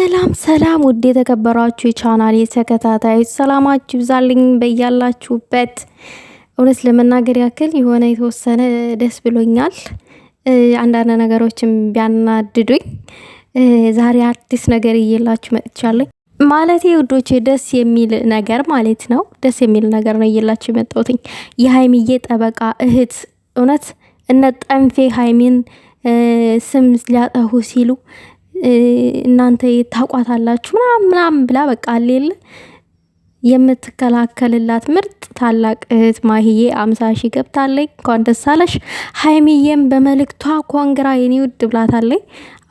ሰላም ሰላም ውድ የተከበራችሁ የቻናል ተከታታዮች ሰላማችሁ ይብዛልኝ በያላችሁበት። እውነት ለመናገር ያክል የሆነ የተወሰነ ደስ ብሎኛል። አንዳንድ ነገሮችም ቢያናድዱኝ ዛሬ አዲስ ነገር እየላችሁ መጥቻለኝ። ማለት ውዶቼ ደስ የሚል ነገር ማለት ነው። ደስ የሚል ነገር ነው እየላችሁ የመጣሁትኝ የሀይሚዬ ጠበቃ እህት እውነት እነ ጠንፌ ሀይሚን ስም ሊያጠፉ ሲሉ እናንተ ታቋታላችሁ ምናምን ምናምን ብላ በቃ አሌለ የምትከላከልላት ምርጥ ታላቅ እህት ማህዬ አምሳ ሺ ገብታለች። እንኳን ደስ አለሽ። ሀይሚዬም በመልእክቷ ኮንግራ የኔ ውድ ብላታለች።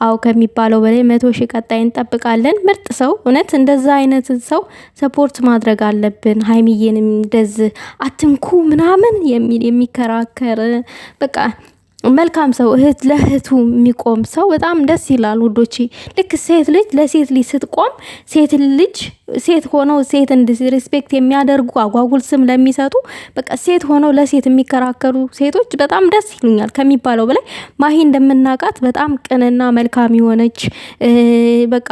አው ከሚባለው በላይ መቶ ሺ ቀጣይ እንጠብቃለን። ምርጥ ሰው እውነት እንደዛ አይነት ሰው ሰፖርት ማድረግ አለብን። ሀይሚዬንም እንደዚህ አትንኩ ምናምን የሚከራከር በቃ መልካም ሰው እህት ለእህቱ የሚቆም ሰው በጣም ደስ ይላል ውዶቼ። ልክ ሴት ልጅ ለሴት ልጅ ስትቆም ሴት ልጅ ሴት ሆነው ሴት እንዲሪስፔክት የሚያደርጉ አጓጉል ስም ለሚሰጡ በቃ ሴት ሆነው ለሴት የሚከራከሩ ሴቶች በጣም ደስ ይሉኛል ከሚባለው በላይ ማሂ እንደምናውቃት በጣም ቅንና መልካም የሆነች በቃ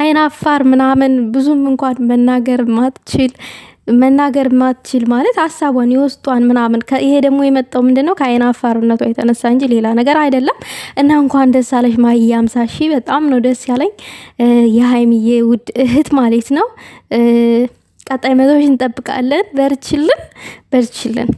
አይናፋር ምናምን ብዙም እንኳን መናገር ማትችል መናገር ማትችል ማለት ሀሳቧን የውስጧን ምናምን። ይሄ ደግሞ የመጣው ምንድን ነው ከአይን አፋርነቷ የተነሳ እንጂ ሌላ ነገር አይደለም። እና እንኳን ደስ አለሽ ማሂዬ፣ አምሳ ሺህ በጣም ነው ደስ ያለኝ የሀይሚዬ ውድ እህት ማለት ነው። ቀጣይ መቶች እንጠብቃለን። በርችልን፣ በርችልን።